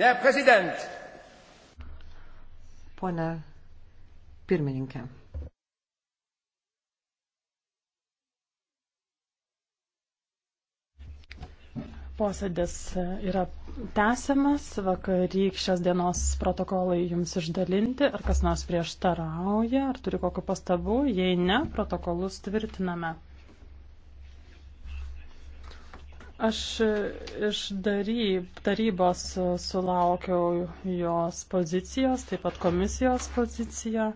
Der Präsident. Pone pirmininkė. Posėdis yra tęsiamas, vakarykščios dienos protokolai jums išdalinti, ar kas nors prieštarauja, ar turi kokiu pastabu, jei ne, protokolus tvirtiname. Aš iš tarybos sulaukiau jos pozicijos, taip pat komisijos poziciją.